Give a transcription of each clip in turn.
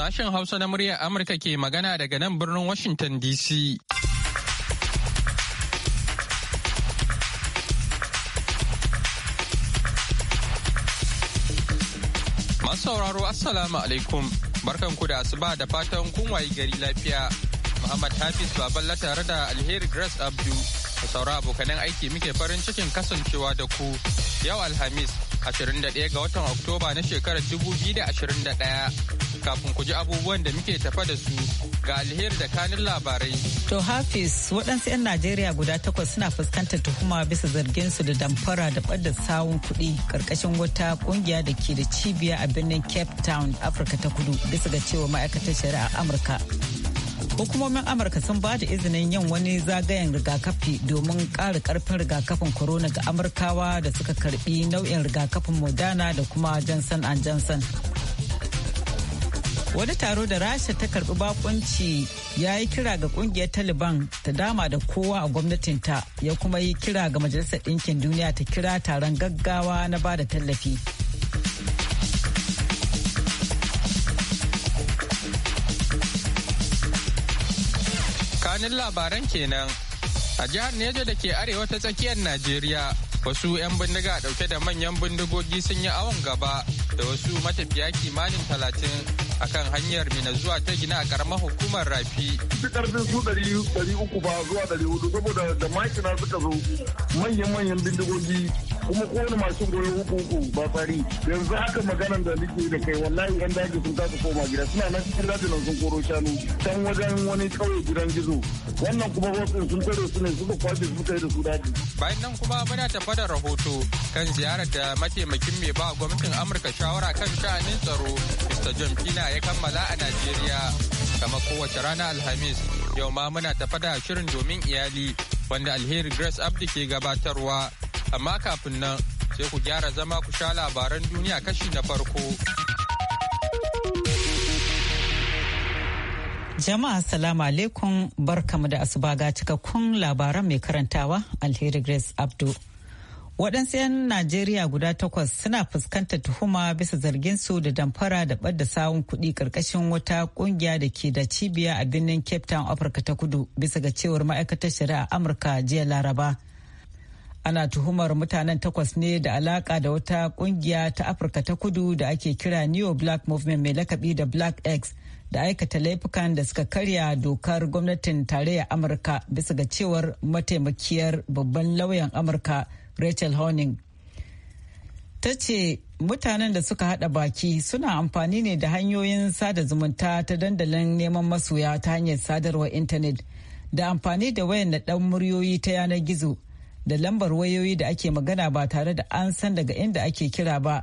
Sashen Hausa na muryar Amurka ke magana daga nan birnin Washington DC. Masu sauraro Assalamu alaikum barkan ku da asuba da fatan kun wayi gari lafiya. Muhammad Hafiz Baballa tare da Alheri Grace Abdu da saura abokanan aiki muke farin cikin kasancewa da ku yau Alhamis 21 ga watan Oktoba na shekarar 2021. kafin ku ji abubuwan da muke tafa da su ga alheri da kanin labarai. To Hafiz waɗansu 'yan Najeriya guda takwas suna fuskantar tuhuma bisa zargin su da damfara da ɓadda sawun kuɗi ƙarƙashin wata ƙungiya da ke da cibiya a birnin Cape Town, Afirka ta Kudu bisa ga cewa ma'aikatar shari'a Amurka. Hukumomin Amurka sun ba da izinin yin wani zagayen rigakafi domin ƙara ƙarfin rigakafin corona ga Amurkawa da suka karbi nau'in rigakafin Moderna da kuma Johnson Johnson. wani taro da rasha ta karbi bakunci ya yi kira ga kungiyar taliban ta dama da kowa a gwamnatinta ya kuma yi kira ga majalisar ɗinkin duniya ta kira taron gaggawa na ba da tallafi kanin labaran kenan a jihar neja da ke arewa ta tsakiyar najeriya wasu 'yan bindiga dauke da manyan bindigogi sun yi awon gaba da wasu matafiya kimanin talatin akan hanyar mina zuwa ta gina a karamar hukumar rafi. Su karfin su ɗari uku ba zuwa dari hudu saboda da makina suka zo manyan-manyan bindigogi kuma kowane masu goyon uku uku ba fari yanzu haka maganan da nake da kai wallahi yan daji sun tasu koma gida suna nan cikin daji na sun koro shanu can wajen wani kauye gidan gizo wannan kuma wasu sun tare su ne suka kwaje su kai da su daji. bayan nan kuma muna tafa da rahoto kan ziyarar da mataimakin mai ba gwamnatin amurka shawara kan sha'anin tsaro mr john pina ya kammala a Najeriya. Kama kowace rana Alhamis, yau ma muna tafa da shirin domin iyali wanda alheri Grace Abdi ke gabatarwa. Amma kafin nan sai ku gyara zama ku sha labaran duniya kashi na farko. Jama'a salamu alaikum barkamu da asuba ga cikakkun labaran mai karantawa alheri Grace Abdu. waɗansu 'yan najeriya guda takwas suna fuskantar tuhuma bisa zarginsu da damfara da ɓadda sawun kuɗi ƙarƙashin wata ƙungiya da ke da cibiya a birnin cape town afirka ta kudu bisa ga cewar ma'aikatar shari'a amurka jiya laraba ana tuhumar mutanen takwas ne da alaƙa da wata ƙungiya ta afirka ta kudu da ake kira neo black movement mai lakabi da black x da aikata laifukan da suka karya dokar gwamnatin tarayyar amurka bisa ga cewar mataimakiyar babban lauyan amurka Rachel Honing. Ta ce mutanen da suka hada baki suna amfani ne da hanyoyin sada zumunta ta dandalin neman masoya ta hanyar sadarwar intanet da amfani da wayan naɗan muryoyi ta yanar gizo da lambar wayoyi da ake magana ba tare da an san daga inda ake kira ba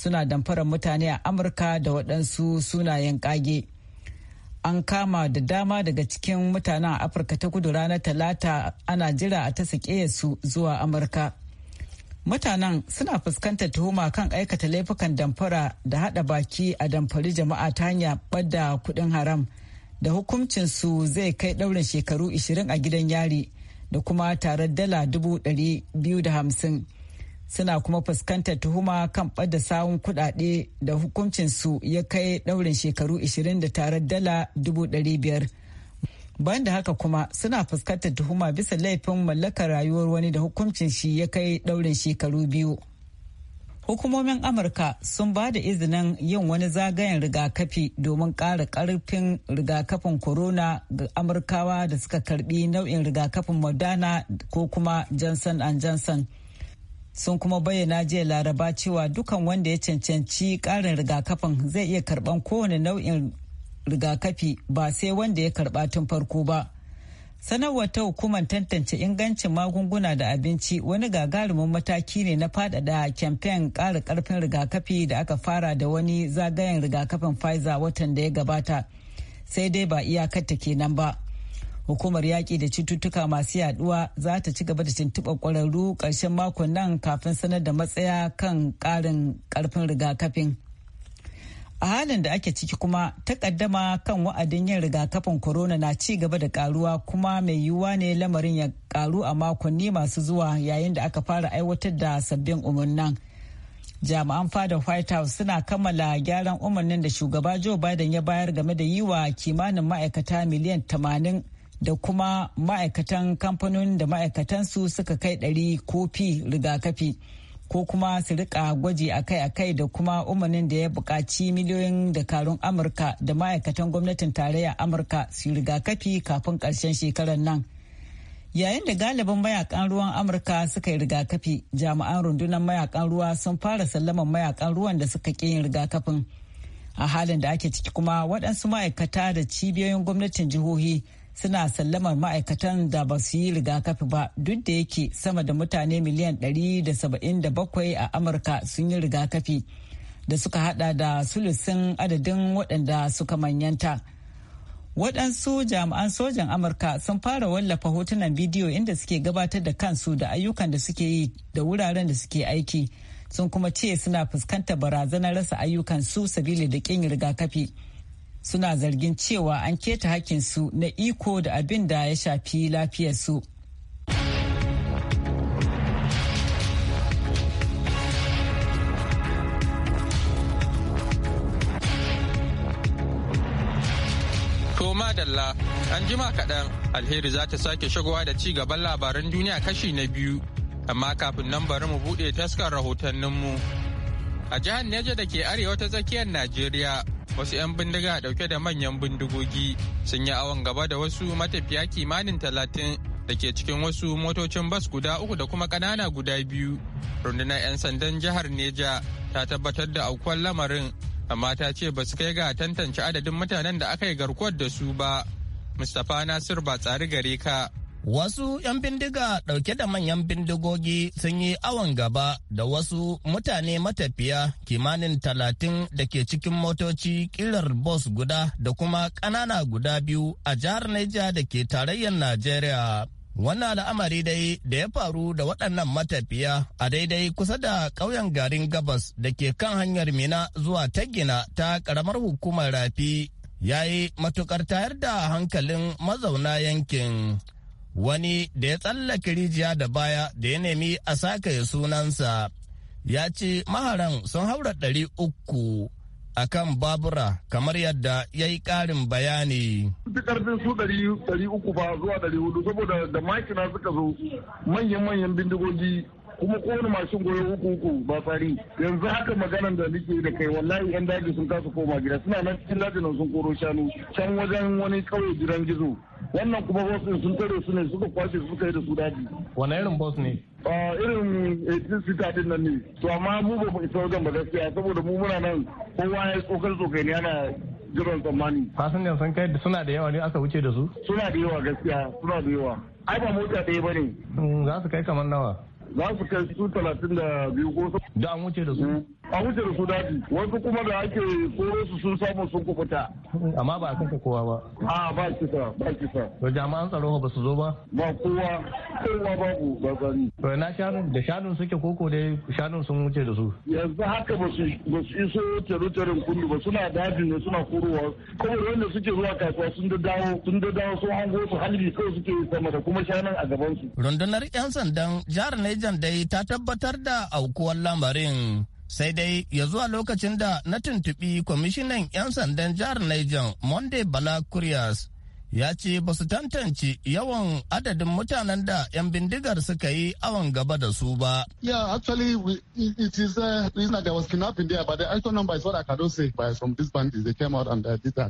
suna damfarar mutane a amurka da waɗansu sunayen ƙage. an kama da dama daga cikin mutanen a afirka ta kudu ranar talata ana jira a ta su zuwa amurka mutanen suna fuskantar tuhuma kan aikata laifukan damfara da hada baki a damfari jama'a ta hanyar bada kudin haram da hukuncin su zai kai daurin shekaru 20 a gidan yari da kuma tarar dala 250 suna kuma fuskantar tuhuma kan bada sawun kudade da hukuncin su ya kai daurin shekaru 20 da tarar dala 500 banda haka kuma suna fuskantar tuhuma bisa laifin mallakar rayuwar wani da hukuncin shi ya kai daurin shekaru biyu hukumomin amurka sun ba da izinin yin wani zagayen rigakafi domin ƙara ƙarfin rigakafin corona ga amurkawa da suka karbi nau'in rigakafin moderna ko kuma johnson and johnson sun kuma bayyana jiya laraba cewa dukan wanda ya cancanci ƙarin rigakafin zai iya karban kowane nau'in rigakafi ba sai wanda ya karba tun farko ba. Sanarwar ta hukumar tantance ingancin magunguna da abinci wani gagarumin mataki ne na fadada kyamfen ƙara ƙarfin rigakafi da aka fara da wani zagayen rigakafin Pfizer watan da ya gabata. Sai dai ba iyakar ta kenan ba. hukumar yaƙi da cututtuka masu yaduwa za ta ci gaba da tuntuɓar ƙwararru ƙarshen makon nan kafin sanar da matsaya kan ƙarin ƙarfin rigakafin a halin da ake ciki kuma takaddama kan wa'adin yin rigakafin corona na ci gaba da karuwa kuma mai yiwuwa ne lamarin ya karu a makonni masu zuwa yayin da aka fara aiwatar da sabbin umarnan jami'an fada white house suna kammala gyaran umarnin da shugaba joe biden ya bayar game da yiwa kimanin ma'aikata miliyan tamanin da kuma ma'aikatan kamfanonin da ma'aikatansu suka kai 100 kofi rigakafi. ko kuma su rika gwaji akai-akai da kuma umarnin da ya buƙaci miliyoyin dakarun amurka da ma'aikatan gwamnatin tarayya amurka su rigakafi kafin ƙarshen shekarar nan yayin da galibin mayakan ruwan amurka suka yi rigakafi jami'an rundunar mayakan ruwa sun fara sallaman mayakan ruwan da suka ƙi yin rigakafin a halin da ake ciki kuma waɗansu ma'aikata da cibiyoyin gwamnatin jihohi suna sallamar ma'aikatan da ba su yi rigakafi ba duk da yake sama da mutane miliyan 177 a amurka sun yi rigakafi da suka hada da sulusin adadin waɗanda suka manyanta waɗansu jami'an sojan amurka sun fara wallafa hotunan bidiyo inda suke gabatar da kansu da ayyukan da suke yi da wuraren da suke aiki sun kuma ce suna fuskantar barazanar rasa ayyukan su sabili da ƙin rigakafi. suna zargin cewa an keta hakkinsu na iko da abin da ya shafi lafiyarsu. Toma an jima kaɗan alheri za ta sake shigowa da ci gaban labaran duniya kashi na biyu, amma kafin nan bari mu buɗe taskar rahotanninmu. A jihar Neja da ke arewa ta tsakiyar Najeriya, wasu 'yan bindiga dauke da manyan bindigogi sun yi awon gaba da wasu matafiya kimanin talatin da ke cikin wasu motocin bas guda uku da kuma kanana guda biyu rundunar 'yan sandan jihar neja ta tabbatar da aukuwar lamarin amma ta ce ba su kai ga tantance adadin mutanen da aka yi garkuwar da su ba mustapha nasir ba tsari gare ka Wasu 'yan bindiga ɗauke da manyan bindigogi sun yi awon gaba da wasu mutane matafiya kimanin talatin da ke cikin motoci kilar bus guda da kuma ƙanana guda biyu a jihar Niger da ke tarayyar Najeriya. Wannan al'amari dai da ya faru da waɗannan matafiya a daidai kusa da ƙauyen garin gabas da ke kan hanyar Mina zuwa ta gina ta ƙaramar hukumar rafi yayi yi matukar tayar da hankalin mazauna yankin. wani da ya tsallake rijiya da baya da ya nemi a sakaye sunansa ya ce maharan sun haura ɗari uku a kan babura kamar yadda ya yi ƙarin bayani. ƙarfin su ɗari uku ba zuwa ɗari hudu saboda da makina suka zo manyan-manyan bindigogi kuma kowane mashin goyon uku uku ba fari yanzu haka maganan da nake da kai wallahi yan daji sun kasu koma gida suna nan cikin dajinan sun koro shanu can wajen wani kauye gidan gizo wannan kuma boss sun tare su ne suka kwashe suka yi da su daji wani irin boss ne irin 18 sita din nan ne to amma mu ba mu isa wajen ba gaskiya saboda mu muna nan kowa ya tsokar tsokai ne ana jiran tsammani fasinjan sun kai suna da yawa ne aka wuce da su suna da yawa gaskiya suna da yawa ai ba mota ɗaya ba ne mm, za su kai kamar nawa za su kai su talatin da biyu ko da an wuce da su mm. an wuce da su daji wasu kuma da ake koro su sun samu sun kubuta amma ba a kanka kowa ba a ba kisa ba kisa to jama'an tsaro ba su zo ba ba kowa kowa babu ba sani to na shanun da shanun suke koko dai shanun sun wuce da su yanzu haka ba su iso tare-taren kullu ba suna daji ne suna korowa kawai wanda suke zuwa kasuwa sun da dawo sun da dawo sun hango su halbi kawai suke sama da kuma shanun a gaban su rundunar yan sandan jihar Niger Niger dai ta tabbatar da aukuwar lamarin. Sai dai ya zuwa lokacin da na tuntuɓi kwamishinan 'yan sandan jihar Niger Monday Bala Curious ya ce ba su tantance yawan adadin mutanen da 'yan bindigar suka yi awon gaba da su ba. Yeah,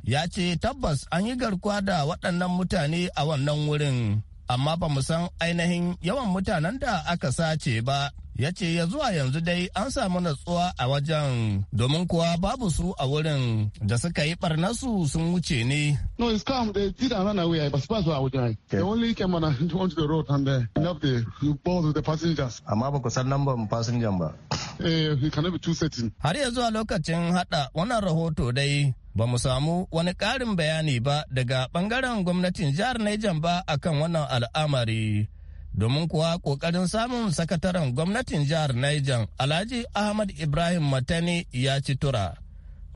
Ya ce tabbas an yi garkuwa da waɗannan mutane a wannan wurin. amma ba mu san ainihin yawan mutanen da aka sace ba ya ce ya zuwa yanzu dai an samu natsuwa a wajen domin kuwa babu su a wurin da suka yi barnarsu sun wuce ne. No, it's calm. They did another way away. But suppose I would die. They only came on onto the road and they left the you both the passengers. Amma ba ku san lambar passenger ba. Eh, you cannot be too certain. Har ya zuwa lokacin hada wannan rahoto dai ba mu samu wani ƙarin bayani ba daga ɓangaren gwamnatin jihar Niger ba akan wannan al'amari. Domin kuwa ƙoƙarin samun sakataren gwamnatin jihar Niger Alhaji Ahmad Ibrahim Matani ya ci tura.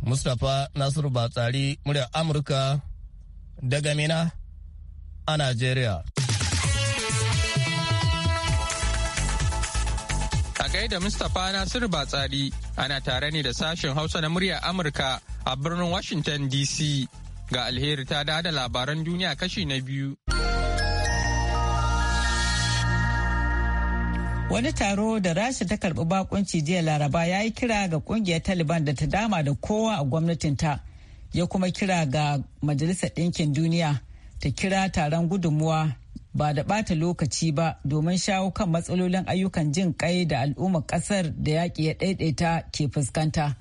Mustapha Nasiru Batsari, muryar Amurka daga Mina a Najeriya. da Mustapha Nasir Batsari ana tare ne da sashen Hausa na muryar Amurka a birnin Washington DC. Ga alheri ta da da labaran duniya kashi na biyu. Wani taro da Rasha ta karbi bakunci jiya Laraba ya yi kira ga kungiyar Taliban da ta dama da kowa a gwamnatin ta ya kuma kira ga Majalisar Ɗinkin Duniya ta kira taron gudunmuwa ba da ɓata lokaci ba domin shawo kan matsalolin ayyukan jin kai da al'ummar ƙasar da yaƙi ya ɗaiɗaita ke fuskanta.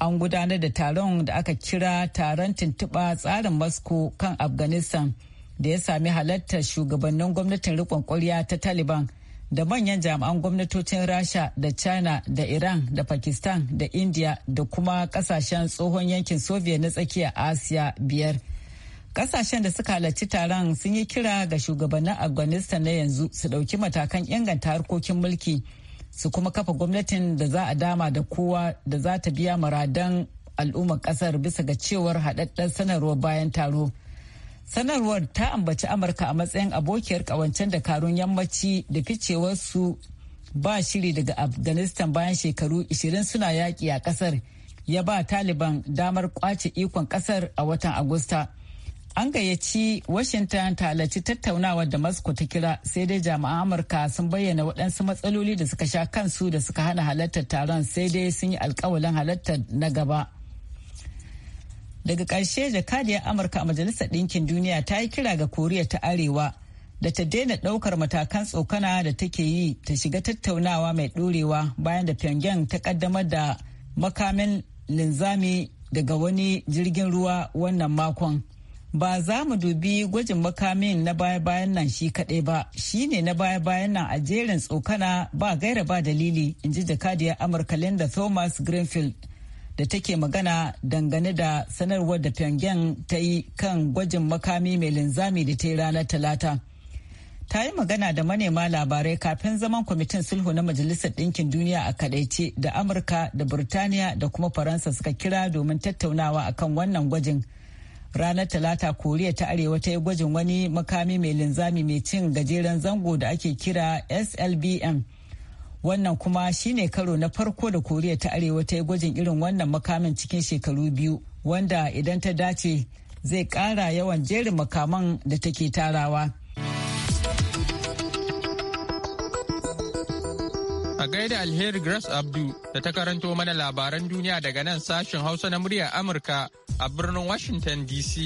An gudanar da taron da aka kira taron tuntuɓa tsarin Moscow kan Afghanistan da ya sami halartar shugabannin gwamnatin riƙon ƙwarya ta Taliban da manyan jami'an gwamnatocin Rasha da China da Iran da Pakistan da India da kuma ƙasashen tsohon yankin Soviet na tsakiyar Asiya biyar. Kasashen da suka halarci taron sun yi kira ga shugabannin Afghanistan na yanzu su ɗauki matakan inganta harkokin mulki su kuma kafa gwamnatin da za a dama da kowa da za ta biya maradan al'ummar kasar bisa ga cewar haɗaɗɗen sanarwar bayan taro. Sanarwar ta ambaci Amurka a matsayin abokiyar ƙawancen dakarun yammaci da ficewarsu ba shiri daga Afghanistan bayan shekaru 20 suna yaƙi a ƙasar ya ba Taliban damar kwace ikon ƙasar a watan Agusta. An gayyaci Washington ta halarci tattaunawar da Moscow ta kira sai dai jami'an Amurka sun bayyana waɗansu matsaloli da suka sha kansu da suka hana halartar taron sai dai sun yi alkawalin halartar na gaba. Daga ƙarshe jakadiyar Amurka a Majalisar Ɗinkin Duniya ta yi kira ga Koriya ta Arewa da ta daina ɗaukar matakan tsokana da take yi ta shiga tattaunawa mai ɗorewa bayan da Pyongyang ta ƙaddamar da makamin linzami daga wani jirgin ruwa wannan makon. ba za mu dubi gwajin makamin na baya-bayan nan shi kaɗai ba shi ne na baya-bayan nan a jerin tsokana ba gaira ba dalili in ji jakadiyar amurka linda thomas greenfield da take magana dangane da sanarwar da pyongyang ta yi kan gwajin makami mai linzami da ta yi ranar talata ta yi magana da manema labarai kafin zaman kwamitin sulhu na majalisar ɗinkin duniya a kadaice da amurka da burtaniya da kuma faransa suka kira domin tattaunawa akan wannan gwajin. ranar talata koriya ta arewa ta yi gwajin wani makami mai linzami mai cin gajeren zango da ake kira slbm wannan kuma shine karo na farko da koriya ta arewa ta yi gwajin irin wannan makamin cikin shekaru biyu wanda idan ta dace zai kara yawan jerin makaman da take tarawa a gaida alheri grace abdu da ta karanto mana labaran duniya daga nan sashen hausa na muryar amurka a birnin Washington DC. Za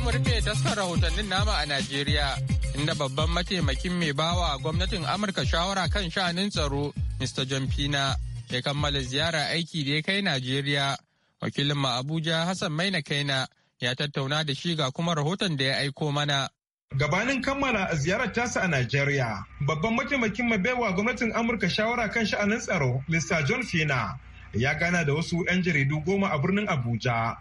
mu rufe taskar rahotannin nama a Najeriya, inda babban mataimakin mai bawa gwamnatin Amurka shawara kan sha'anin tsaro, Mr. John Pina, ya kammala ziyara aiki da ya kai Najeriya. Wakilin ma Abuja Hassan Maina Kaina ya tattauna da shi ga kuma rahoton da ya aiko mana. Gabanin kammala a ziyarar tasa a Najeriya, babban mataimakin mai baiwa gwamnatin Amurka shawara kan sha'anin tsaro, Mr. John Fina, ya gana da wasu 'yan jaridu goma a birnin Abuja.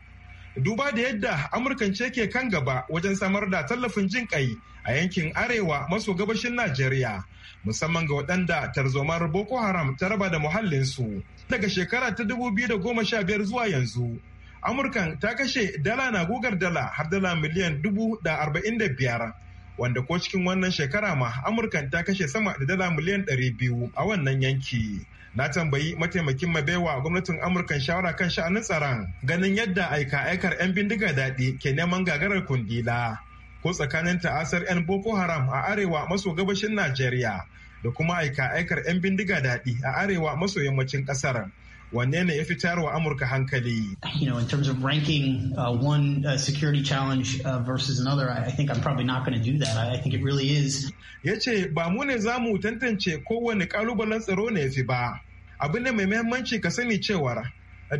Duba da yadda Amurkan ce ke kan gaba wajen samar da tallafin jin kai a yankin arewa maso gabashin Najeriya, musamman ga waɗanda tarzomar Boko Haram ta raba da muhallinsu. Daga shekara ta 2015 zuwa yanzu, amurkan ta kashe dala na gugar dala har dala miliyan dubu da arba'in da biyar wanda ko cikin wannan shekara ma amurkan ta kashe sama da dala miliyan ɗari biyu a wannan yanki na tambayi mataimakin mabaiwa gwamnatin amurkan shawara kan sha'anin tsaron ganin yadda aika aikar 'yan bindiga daɗi ke neman gagarar kundila ko tsakanin ta'asar 'yan boko haram a arewa maso gabashin najeriya da kuma aika aikar 'yan bindiga daɗi a arewa maso yammacin ƙasar wanne ne ya fitar wa Amurka hankali? You know, in terms of ranking uh, one uh, security challenge uh, versus another, I, think I'm probably not going to do that. I, think it really is. Ya ce ba mu ne za mu tantance kowane kalubalen tsaro ne fi ba. Abu ne mai muhimmanci ka sani cewar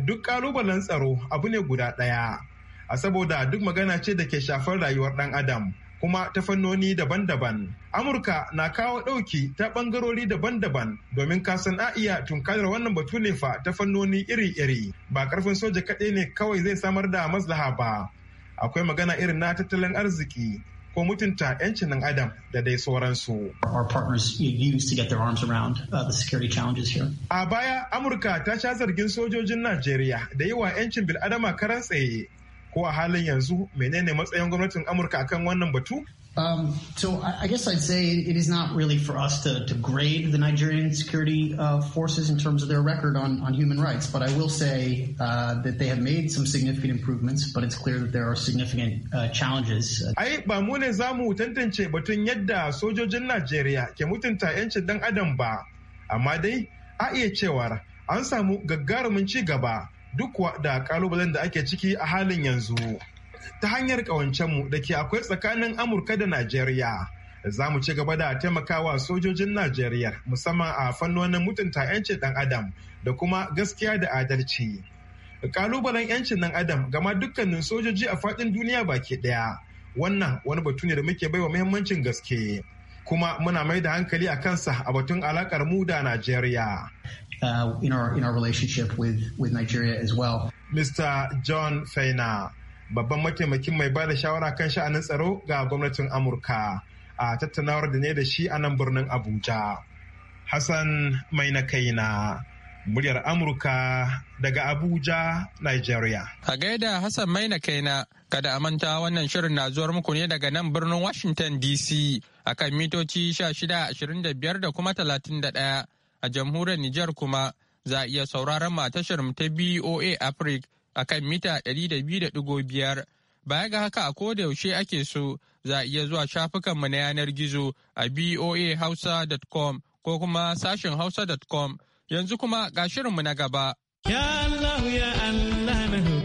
duk kalubalen tsaro abu ne guda ɗaya. A saboda duk magana ce da ke shafar rayuwar ɗan Adam. kuma ta fannoni daban-daban. Amurka na kawo ɗauki ta ɓangarori daban-daban domin kasan a iya tunkarar wannan batu ne fa ta fannoni iri-iri. Ba ƙarfin soja kaɗai ne kawai zai samar da maslaha ba. Akwai magana irin na tattalin arziki, ko mutunta 'yancin nan adam da dai sauransu. A baya Amurka ta sha zargin sojojin Najeriya da yi wa 'yancin bil'adama karan tsaye ko a halin yanzu menene matsayin gwamnatin amurka akan wannan batu Um, so I, I, guess I'd say it is not really for us to, to grade the Nigerian security uh, forces in terms of their record on, on human rights, but I will say uh, that they have made some significant improvements, but it's clear that there are significant uh, challenges. Ai ba mu ne za mu tantance batun yadda sojojin Najeriya ke mutunta 'yancin dan adam ba, amma dai a iya cewar an samu gagarumin ci gaba duk da kalubalen da ake ciki a halin yanzu. Ta hanyar ƙawancenmu da ke akwai tsakanin Amurka da Najeriya. Za mu ci gaba da taimakawa sojojin Najeriya musamman a fannonin mutunta 'yancin ɗan Adam da kuma gaskiya da adalci. Kalubalen 'yancin dan Adam gama dukkanin sojoji a faɗin duniya baki ɗaya. Wannan wani batu ne da muke baiwa muhimmancin gaske. kuma muna mai da hankali a kansa a batun alakar mu da Najeriya. Uh, in, our, relationship with, Nigeria as well. Mr. John Faina, babban mataimakin mai bada shawara kan sha'anin tsaro ga gwamnatin Amurka a tattaunawar da ne da shi a nan birnin Abuja. Hassan mai na kaina, muryar Amurka daga Abuja, Nigeria. A gaida Hassan mai na kaina. Kada a manta wannan shirin na zuwar muku ne daga nan birnin Washington DC akan mitoci 1625 da kuma 31 a jamhuriyar Nijar kuma za a iya sauraron tashar ta BOA Africa akan mita 200.5 baya ga haka a koda yaushe ake so za a iya zuwa shafukanmu na yanar gizo a boahausa.com ko kuma sashen hausa.com yanzu kuma ga shirinmu na gaba. Ya Allah ya Allah na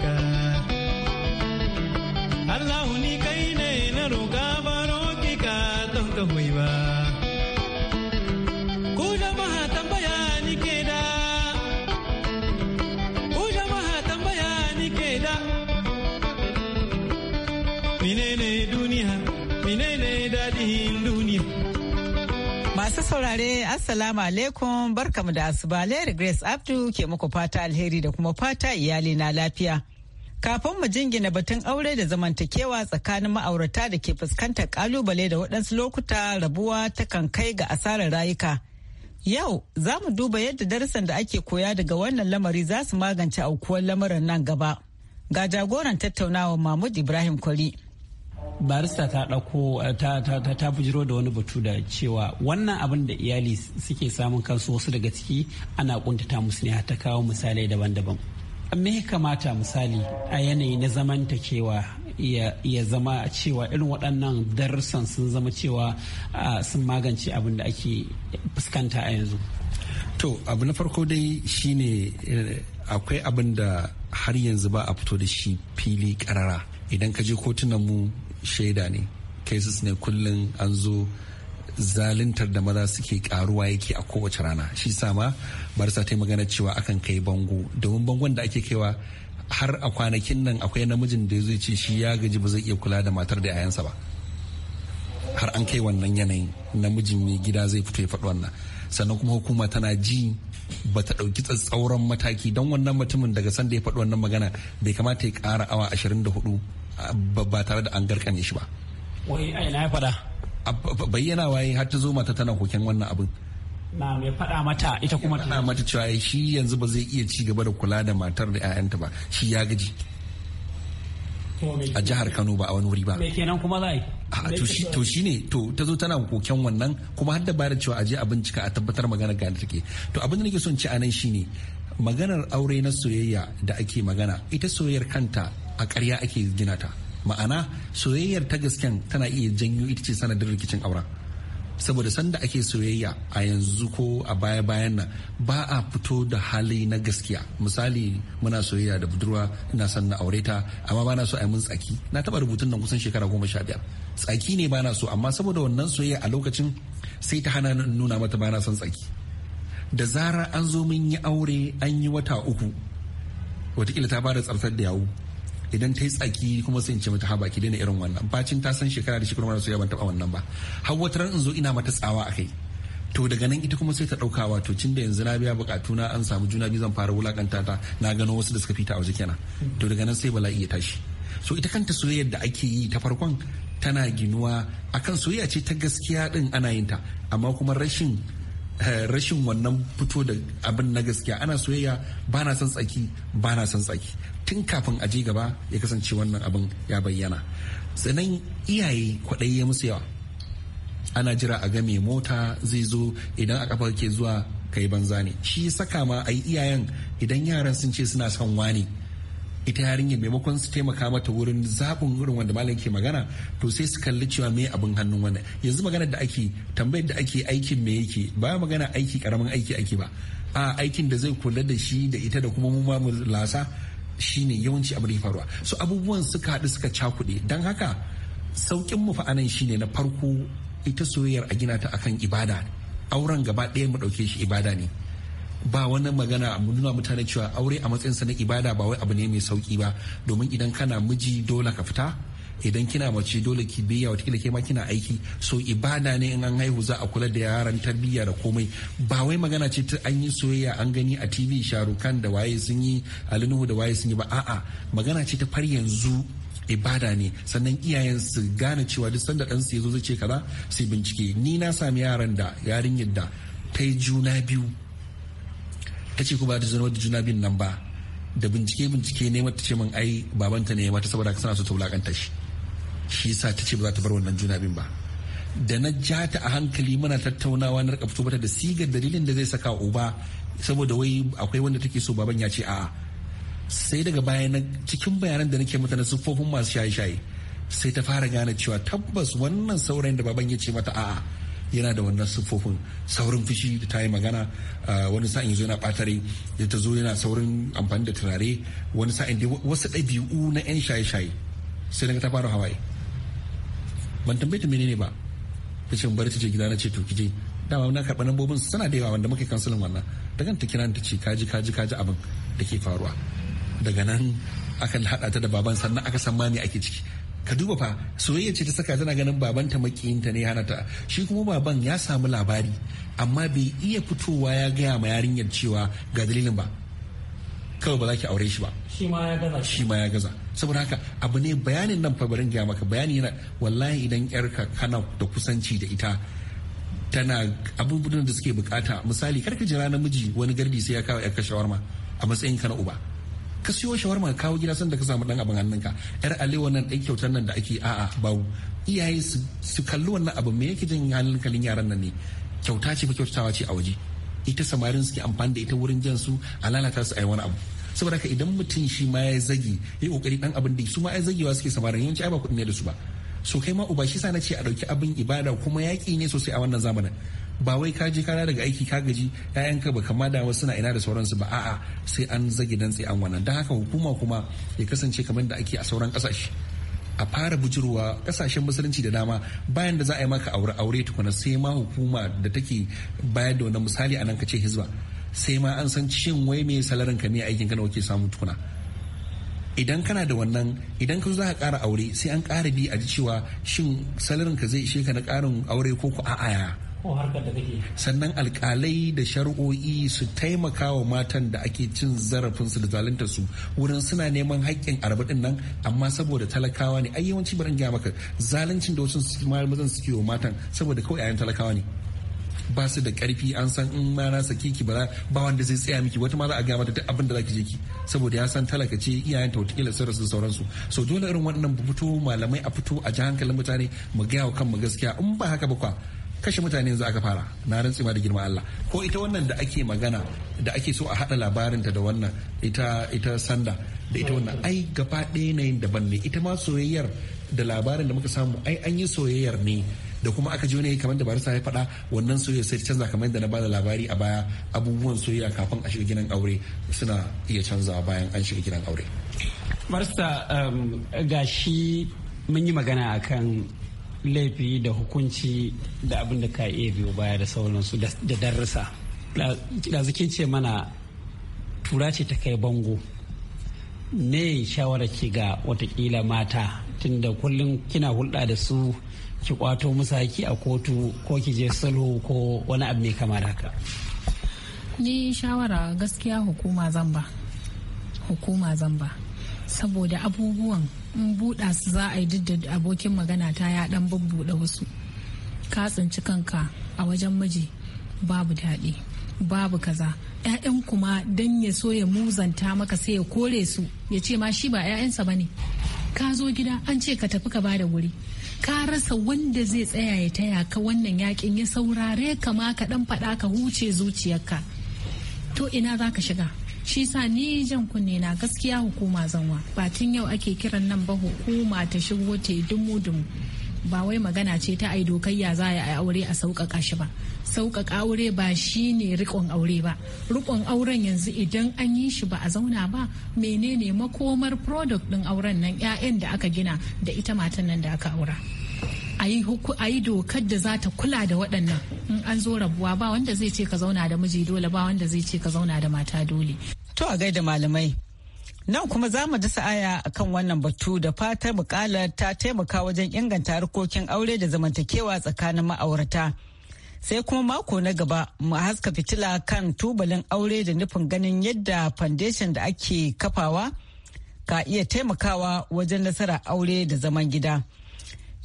Allah ni kai ne na roƙa baro kika don ka hoyi ba. Ku jama'a tambaya ni ke da, ku jama'a tambaya ni ke da. Menene duniya, menene dadihin duniya. Masu saurare, Assalamu alaikum, barkamu da asuba, Larry Grace Abdu ke muku fata alheri da kuma fata iyali na lafiya. Kafin mu jingina batun aure da zamantakewa tsakanin ma'aurata da ke fuskantar kalubale da waɗansu lokuta rabuwa ta kan kai ga asarar rayuka. Yau za mu duba yadda darasan da ake koya daga wannan lamari za su magance aukuwar lamarin nan gaba. Ga jagoran tattaunawa Mahmud Ibrahim Kwari. Barista ta ɗauko eh, ta, bujiro da wani batu da cewa wannan abin da iyali suke samun kansu wasu daga ciki ana kuntata musu ne ta kawo misalai daban-daban. me kamata misali a yanayi na zamantakewa ya zama cewa irin waɗannan darussan sun zama cewa sun magance abin da ake fuskanta a yanzu to abu na farko dai shine eh, akwai abin da har yanzu ba a fito da shi fili karara idan ka je kotunan mu shaida ne cases ne kullum an zo zaluntar da maza suke karuwa yake a kowace rana shi sama barsa ta magana cewa akan kai bango domin bangon da ake kaiwa har a kwanakin nan akwai namijin da zai ce shi ya gaji ba zai iya kula da matar da 'ya'yansa ba har an kai wannan yanayin namijin mai gida zai fito ya faɗi wannan sannan kuma hukuma tana ji ba ta ɗauki tsatsauran mataki don wannan mutumin daga sanda ya faɗi wannan magana bai kamata ya ƙara awa 24 ah, ba tare da an garkame shi ba. Wai ina ya faɗa? bayyana waye har ta zo mata tana koken wannan abin na ya faɗa mata ita kuma ta mata cewa shi yanzu ba zai iya ci gaba da kula da matar da 'ya'yanta ba shi ya gaji a jihar Kano ba a wani wuri ba. Me kenan kuma za a To shi ne to ta zo tana koken wannan kuma har da ba da cewa aje a bincika a tabbatar magana ga da take. To abin da nake son ci a nan shine maganar aure na soyayya da ake magana ita soyayyar kanta a ƙarya ake gina ta. ma'ana soyayyar ta gasken tana iya janyo ita ce sanadin rikicin auren saboda sanda ake soyayya a yanzu ko a baya bayan nan ba a fito da hali na gaskiya misali muna soyayya da budurwa ina son na aure ta amma ba so a yi mun tsaki na taba rubutun nan kusan shekara goma sha biyar tsaki ne bana so amma saboda wannan soyayya a lokacin sai ta hana nuna mata bana na son tsaki da zara an zo mun yi aure an yi wata uku watakila ta bada tsartar da yawu idan ta yi tsaki kuma sai in ce mata haba ki daina irin wannan bacin ta san shekara da shekaru mara soyayya ban taba wannan ba har wata ran in zo ina mata tsawa a kai to daga nan ita kuma sai ta dauka wato cin da yanzu na biya bukatu na an samu juna biyu zan fara wulakanta ta na gano wasu da suka fita a waje kenan to daga nan sai bala'i ya tashi so ita kanta soyayyar da ake yi ta farkon tana ginuwa akan soyayya ce ta gaskiya din ana yin ta amma kuma rashin eh, rashin wannan fito da abin na gaskiya ana soyayya ba na son tsaki ba na son tsaki tun kafin a ji gaba ya kasance wannan abin ya bayyana sannan iyaye kwaɗayi ya musu yawa ana jira a ga mota zai zo idan a kafar ke zuwa kai banza ne shi saka ma a yi iyayen idan yaran sun ce suna son wani ita yarinyar maimakon su taimaka mata wurin zaɓin irin wanda malam ke magana to sai su kalli cewa me abin hannun wannan yanzu magana da ake tambayar da ake aikin mai yake ba magana aiki karamin aiki ake ba a aikin da zai kula da shi da ita da kuma mu ma lasa shine yawanci abu da faruwa so abubuwan suka haɗu suka cakuɗe don haka sauƙin mu fa'anan shine na farko ita soyayyar a gina ta akan ibada auren gaba ɗaya mu ɗauke shi ibada ne ba wani magana mu nuna mutane cewa aure a matsayinsa na ibada ba wai abu ne mai sauƙi ba domin idan kana miji dole ka fita idan kina mace dole ki biya watakila ke ma kina aiki so ibada ne in an haihu za a kula da yaran tarbiyya da komai ba wai magana ce ta an yi soyayya an gani a tv sharukan da waye sun yi alinuhu da waye sun yi ba a'a magana ce ta far yanzu ibada ne sannan iyayen su gane cewa duk sanda ɗansu ya zo zai ce kaza sai bincike ni na sami yaran da yarinyar da ta yi juna biyu ta ce ba da zanowar da juna biyun nan ba da bincike bincike ne mata ce min ai babanta ne mata saboda sana su ta wulakanta shi shi sa ta ce ba za ta bar wannan juna bin ba da na ja ta a hankali muna tattaunawa na rika bata da sigar dalilin da zai saka uba saboda wai akwai wanda take so baban ya ce a'a sai daga baya na cikin bayanan da nake mata na siffofin masu shaye-shaye sai ta fara gane cewa tabbas wannan saurayin da baban ya ce mata a'a yana da wannan siffofin saurin fushi da ta yi magana wani sa'in zo yana batare da ta zo yana saurin amfani da turare wani sa'in wasu ɗabi'u na 'yan shaye-shaye sai daga ta fara hawaye ban tambaye ta menene ba ta ce bari ta je gida na ce to kije dama na karɓa lambobin suna da yawa wanda muka kansulin wannan ta ganta ta kira ta ce kaji kaji kaji abin da ke faruwa daga nan aka haɗa ta da baban sannan aka san mani ake ciki ka duba fa soyayya ce ta saka tana ganin baban ta babanta makiyinta ne hana ta shi kuma baban ya samu labari amma bai iya fitowa ya gaya ma yarinyar cewa ga dalilin ba kawai ba za ki aure shi ba shi ma ya gaza saboda haka abu ne bayanin nan fabarin gaya maka bayani yana wallahi idan yarka kana da kusanci da ita tana abubuwan da suke bukata misali karka jira namiji wani gardi sai ya kawo yarka shawarma a matsayin kana uba ka siyo shawarma ka kawo gida sanda ka samu dan abin hannunka yar alewa nan dan kyautar nan da ake a'a bawu iyaye su kalli wannan abu me yake jin hankalin yaran nan ne kyauta ce fa kyautatawa ce a waje ita samarin suke amfani da ita wurin jan su a lalata su a yi wani abu saboda haka idan mutum shi ma ya zagi ya kokari dan abin da su ma ya zagewa suke samarin yanci ai ba kuɗi ne da su ba so kai ma uba shi sa na ce a ɗauki abin ibada kuma yaki ne sosai a wannan zamanin ba wai ka je kana daga aiki ka gaji ƴaƴanka ba kama da wasu na ina da sauransu ba a'a sai an zage dan sai an wannan dan haka hukuma kuma ya kasance kamar da ake a sauran ƙasashe a fara bujurwa kasashen musulunci da dama bayan da za a yi maka aure aure tukuna sai ma hukuma da take bayar da wani misali a nan ka ce hizba sai ma an san cin wai me salarin ka ne aikin kana kake samu tukuna idan kana da wannan idan ka zo za ka ƙara aure sai an kara bi a ji cewa shin salarin ka zai ishe ka na karin aure ko ku a'a sannan alkalai da shari'o'i su taimaka wa matan da ake cin zarafinsu da zalunta su wurin suna neman haƙƙin arba'in nan amma saboda talakawa ne ai yawanci barin gaya maka zaluncin da wasu mazan suke wa matan saboda kawai 'ya'yan talakawa ne ba su da karfi an san in ma na saki ki ba wanda zai tsaya miki wata ma za a gaya mata abin da zaki je ki saboda ya san talaka ce iyayen ta wata sun rasu sauransu so dole irin wannan fito malamai a fito a ji hankalin mutane mu gaya wa kanmu gaskiya in ba haka ba kwa kashe mutane yanzu aka fara na rantsi ma da girma Allah ko ita wannan da ake magana da ake so a hada labarinta da wannan ita ita sanda da ita wannan ai gaba ɗaya na yin daban ne ita ma soyayyar da labarin da muka samu ai an yi soyayyar ne da kuma aka ji wani kamar da barista ya faɗa wannan soyayya sai canza kamar da na bada labari a baya abubuwan soyayya kafin a shiga gidan aure suna iya canzawa bayan an shiga gidan aure. barista um, ga shi mun yi magana akan laifi da hukunci da abin da ka iya biyo baya da sauransu da darussa da zikin ce mana tura ce ta kai bango Ne shawara ke ga watakila mata tunda kullum kina hulɗa da su ki kwato musa ki a kotu ko ki je salo ko wani abu mai kamar haka ni shawara gaskiya hukuma zamba hukuma zamba saboda abubuwan in buɗa su za a yi duk da abokin magana ta ya dan bubbuɗe wasu ka tsinci kanka a wajen miji babu daɗi babu kaza ‘ya'yan kuma dan ya so ya muzanta maka sai ya kore su ya ce ma shi ba ‘ya'yansa ba ne ka zo gida an ce ka tafi ka bada wuri ka rasa wanda zai tsaya ya taya ka wannan yakin ya saurare ka ma ka dan faɗa ka huce zuciyarka to ina za ka shiga shi sa ni jan kunne na gaskiya hukuma zanwa ba tun yau ake kiran nan ba hukuma ta shigo ta yi dumu-dumu ba wai magana ce ta ai dokayya za a yi aure a sauƙaƙa shi ba sauƙaƙa aure ba shi ne riƙon aure ba riƙon auren yanzu idan an yi shi ba a zauna ba menene makomar product ɗin auren nan 'ya'yan da aka gina da ita matan nan da aka aura a yi dokar da za ta kula da waɗannan in an zo rabuwa ba wanda zai ce ka zauna da miji dole ba wanda zai ce ka zauna da mata dole to a gaida malamai Nan kuma za mu dasa aya a kan wannan batu da fatar bukalar ta taimaka wajen inganta harkokin aure da zamantakewa tsakanin ma'aurata. Sai kuma mako na gaba mu haska fitila kan tubalin aure da nufin ganin yadda foundation da ake kafawa ka iya taimakawa wajen nasara aure da zaman gida.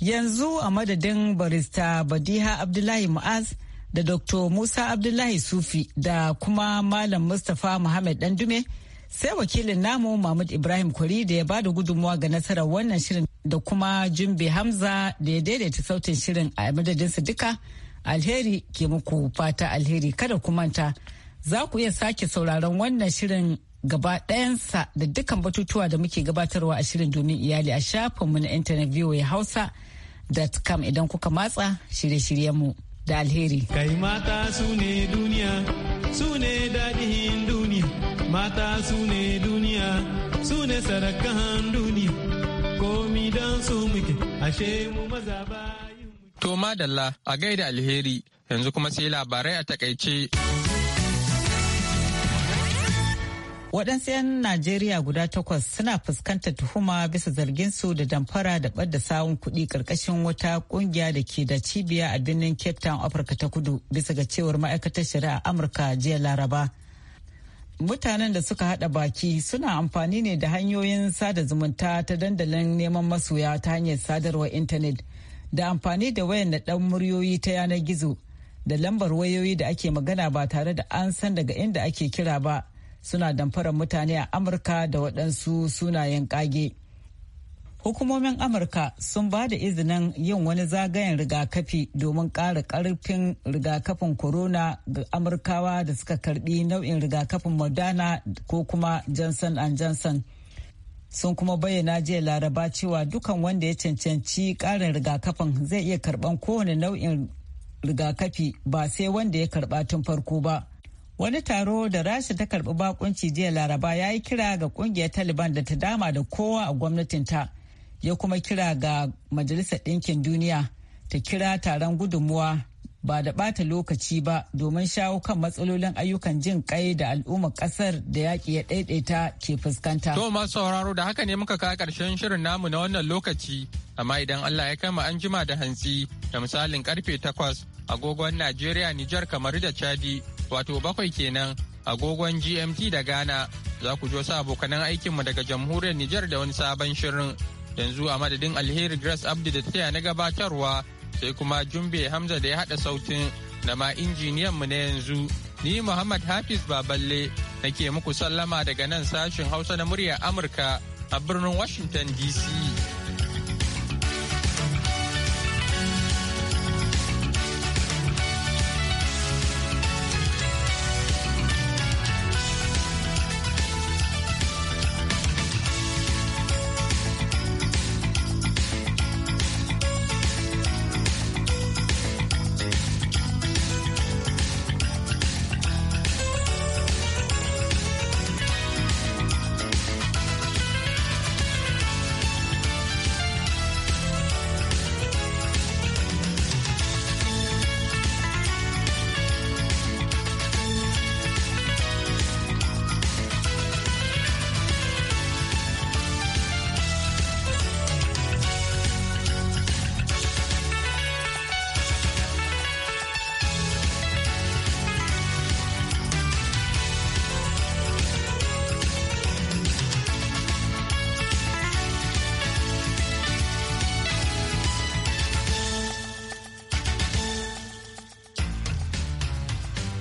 Yanzu a madadin barista Badiha Abdullahi Mu'az da Dr. Musa Abdullahi Sufi da kuma Malam Mustapha Muhammad Dandume. dume sai wakilin namu mahmud ibrahim kwari da ya bada gudunmuwa ga nasarar wannan shirin da kuma jumbe hamza da ya daidaita sautin shirin a madadinsa duka alheri ke muku fata alheri kada ku manta za ku iya sake sauraron wannan shirin gaba ɗayansa da dukkan batutuwa da muke gabatarwa a shirin domin iyali a shafinmu na intanet voa hausa.com idan kuka matsa shirye-shiryenmu da alheri. Kai mata su ne duniya, su ne daɗin mata su ne duniya su ne sarakan duniya komi don su muke ashe mu maza ba To madalla a gaida alheri yanzu kuma sai labarai a takaice. Waɗansu 'yan Najeriya guda takwas suna fuskantar tuhuma bisa zarginsu da damfara da ɓadda sawun kuɗi ƙarƙashin wata ƙungiya da ke da cibiya a birnin Cape Town, Afirka ta Kudu bisa ga cewar ma'aikatar shari'a Amurka jiya Laraba. mutanen da suka hada baki suna amfani ne da hanyoyin sada zumunta ta dandalin neman masoya ta hanyar sadarwar intanet da amfani da wayan naɗan muryoyi ta yanar gizo da lambar wayoyi da ake magana ba tare da an san daga inda ake kira ba suna damfarar mutane a amurka da waɗansu sunayen ƙage. hukumomin amurka sun ba da izinin yin wani zagayen rigakafi domin ƙara ƙarfin rigakafin corona ga amurkawa da suka karbi nau'in rigakafin moderna ko kuma johnson johnson sun kuma bayyana jiya laraba cewa dukan wanda ya cancanci ƙarin rigakafin zai iya karban kowane nau'in rigakafi ba sai wanda ya karba tun farko ba wani taro da rasha ta karbi bakunci jiya laraba ya yi kira ga kungiyar taliban da ta dama da kowa a gwamnatinta. ta ya kuma kira ga majalisar ɗinkin duniya ta kira taron gudunmuwa ba da ɓata lokaci ba domin shawo kan matsalolin ayyukan jin kai da al'ummar ƙasar da yaƙi ya ɗaiɗaita ke fuskanta. To masu sauraro da haka ne muka kawo karshen shirin namu na wannan lokaci, amma idan Allah ya kama an jima da hantsi da misalin karfe takwas agogon Najeriya Nijar kamar da Chadi wato bakwai kenan agogon GMT da Ghana za ku jo sa abokanan aikinmu daga jamhuriyar Nijar da wani sabon shirin yanzu a madadin alheri grace abdi da taya na gabatarwa sai kuma jumbe hamza da ya haɗa sautin da ma injiniyan mu na yanzu ni muhammad hafiz baballe nake muku sallama daga nan sashin hausa na muryar amurka a birnin washington dc